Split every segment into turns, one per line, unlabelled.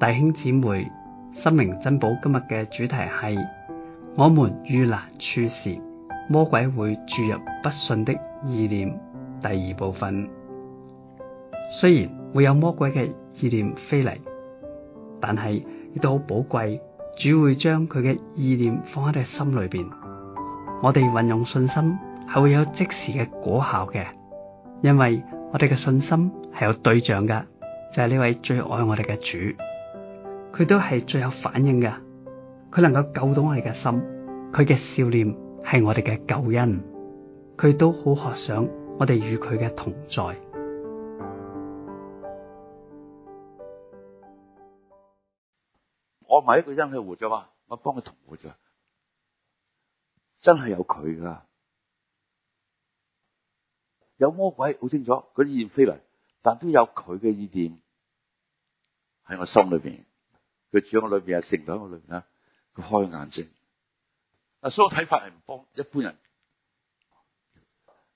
弟兄姊妹，心靈珍寶，今日嘅主題係：我們遇難處時，魔鬼會注入不信的意念。第二部分雖然會有魔鬼嘅意念飛嚟，但係亦都好寶貴。主會將佢嘅意念放喺你心裏邊。我哋運用信心係會有即時嘅果效嘅，因為我哋嘅信心係有對象㗎，就係、是、呢位最愛我哋嘅主。佢都係最有反應噶，佢能夠救到我哋嘅心，佢嘅笑臉係我哋嘅救恩，佢都好渴想我哋與佢嘅同在。我唔係一個人去活咗嘛，我幫佢同活咗，真係有佢噶，有魔鬼好清楚，佢意念飛嚟，但都有佢嘅意念喺我心裏邊。佢住喺我裏面啊，成個我裏面啊，佢開眼睛。嗱，所以我睇法係唔幫一般人。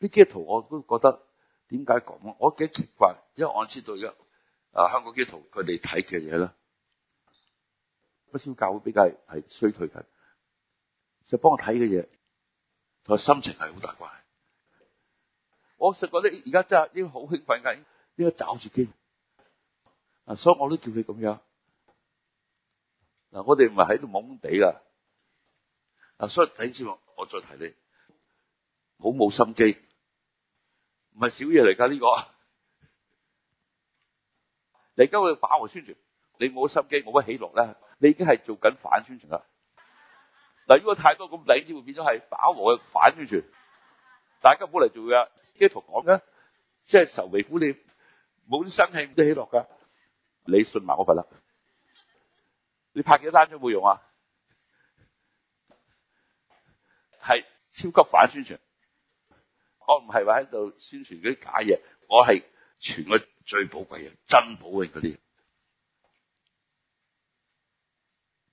啲基督徒我都覺得點解咁啊？我幾奇怪，因為我知道而家啊香港基督徒佢哋睇嘅嘢咧，好似教會比較係衰退緊，就幫我睇嘅嘢同佢心情係好大關係。我實覺得而家真係應該好興奮噶，應該找住機會。啊，所以我都叫你咁樣。嗱，我哋唔係喺度懵懵地噶，嗱，所以弟兄我我再提你，好冇心機，唔係小嘢嚟噶呢個，你而家反和宣傳，你冇心機，冇乜起落咧，你已經係做緊反宣傳啦。嗱，如果太多咁，弟兄會變咗係反和嘅反宣傳，大家本嚟做嘅基督徒講嘅，即係愁眉苦臉，冇啲生氣，唔得起落噶，你信埋我份啦。你拍幾多單都冇用啊！係超級反宣傳，我唔係話喺度宣傳嗰啲假嘢，我係傳個最寶貴嘅、珍寶嘅嗰啲。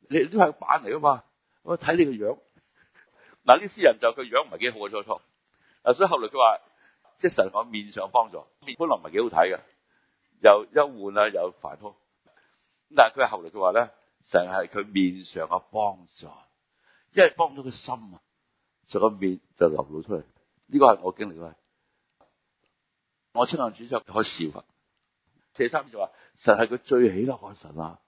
你都係個版嚟啊嘛，我睇你個樣。嗱，呢詩人就佢個樣唔係幾好嘅。初初。所以後來佢話，即係神我面上幫助，面本來唔係幾好睇㗎。又憂鬱啊，又煩躁。咁但係佢係後來佢話咧。成係佢面上嘅幫助，因為幫咗佢心啊，成個面就流露出嚟。呢、這個係我經歷啊！我清亮主席開笑啊，謝生就話：實係佢最喜樂嘅神啦，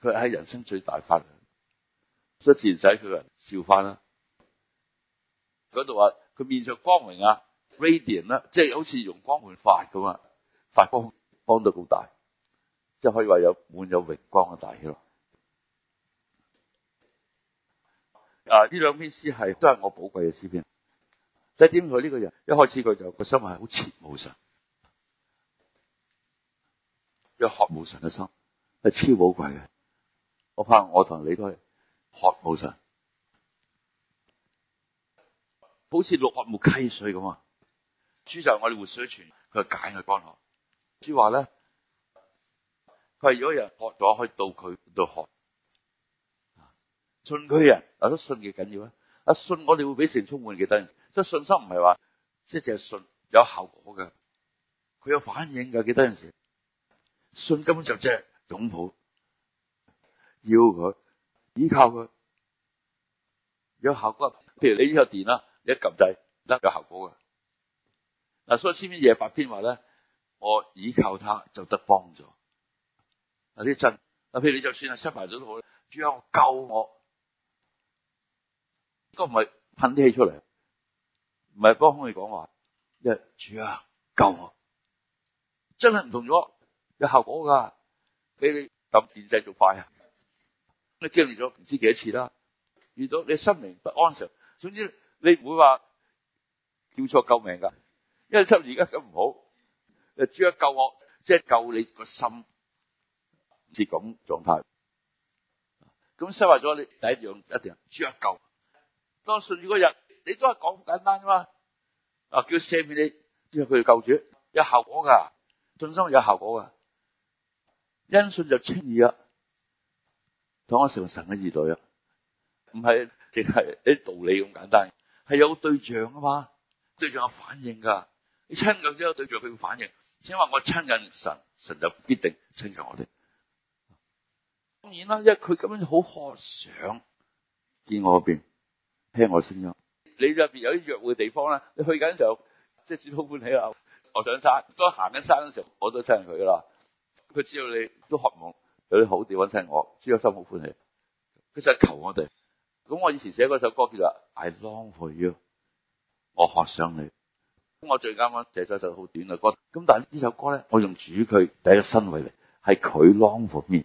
佢喺人生最大發，量，所以自然使佢人笑翻啦。嗰度話佢面上光榮啊，radiant 啦、啊，即係好似容光煥發咁啊，發光幫到好大。即可以話有滿有榮光嘅大氣咯。啊！呢兩篇詩係都係我寶貴嘅詩篇。即係點？佢呢個人一開始佢就個心係好切慕神，要學慕神嘅心係超寶貴嘅。我怕我同你都係學慕神，好似鹿慕溪水咁啊！主就係我哋活水泉，佢解佢乾渴。主話咧。佢如果有人學咗，可以到佢度學。信佢人，或者信嘅緊要啊！啊，信我哋會俾神充滿幾多人，所以信心唔係話即係信有效果嘅，佢有反應嘅幾多人事。信根本就即係擁抱，要佢依靠佢有效果。譬如你呢個電啦，你一撳掣得有效果嘅。嗱，所以詩篇廿八篇話咧，我倚靠他就得幫助。有啲震，嗱，譬如你就算係失敗咗都好，主啊救我，都唔係噴啲氣出嚟，唔係幫空氣講話，因為主啊救我，真係唔同咗，有效果噶，畀你撳電掣仲快啊，你經歷咗唔知幾多次啦，遇到你心靈不安時，總之你唔會話叫錯救命噶，因為心而家咁唔好，誒主啊救我，即係救你個心。唔是咁狀態，咁失敗咗。你第一樣一定要得救。當信耶穌嗰日你都係講好簡單噶嘛啊叫赦免你，因為佢係救主有效果噶信心有效果噶因信就稱義啦。當我成為神嘅兒女，唔係淨係啲道理咁簡單，係有對象噶嘛對象有反應噶你親近之後，對象佢會反應。只係話我親近神，神就必定親近我哋。當然啦，因為佢咁樣好渴想見我嗰邊，聽我聲音。你入邊有啲約會地方咧，你去緊嘅時候，即係主好歡喜啦。我上山，當我行緊山嘅時候，我都聽佢噶啦。佢知道你都渴望有啲好地方聽我，主嘅心好歡喜。佢實求我哋。咁我以前寫嗰首歌叫做《I Long For You》，我渴想你，我渴想你。咁我最啱啱寫咗首好短嘅歌。咁但係呢首歌咧，我用主佢第一個身位嚟，係佢 long for me。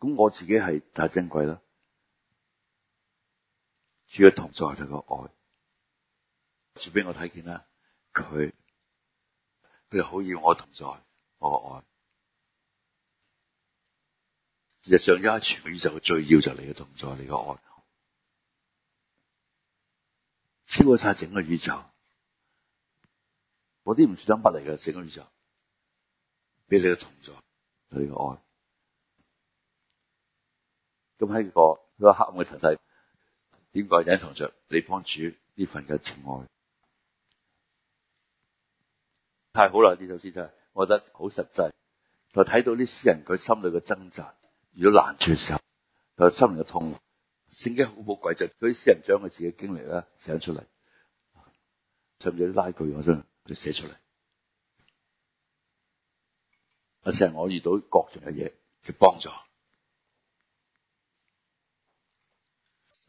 咁我自己係太珍貴啦，主要同在就個愛，住畀我睇見啦，佢佢就好要我同在，我個愛，事實上而家全宇宙最要就你嘅同在，你嘅愛，超過晒整個宇宙，我啲唔算得嚟嘅，整個宇宙，畀你嘅同在，就是、你嘅愛。咁喺個一個黑暗嘅塵世，點解隱藏著你幫主呢份嘅情愛？太好啦！呢首詩真係，我覺得好實際，就睇到啲詩人佢心裏嘅掙扎，遇到難處嘅時候，就心裏嘅痛苦。聖經好寶貴，就嗰啲詩人將佢自己經歷咧寫出嚟，甚至拉佢我真係佢寫出嚟。啊！成日我遇到各種嘅嘢，就幫助。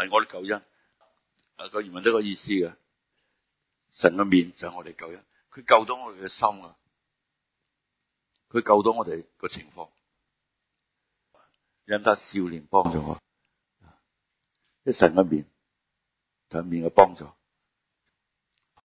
係我哋救恩，個原文都個意思嘅。神個面就係我哋救恩，佢救到我哋嘅心啊，佢救到我哋個情況。因祂笑臉幫咗我，即係神個面，神面嘅幫助。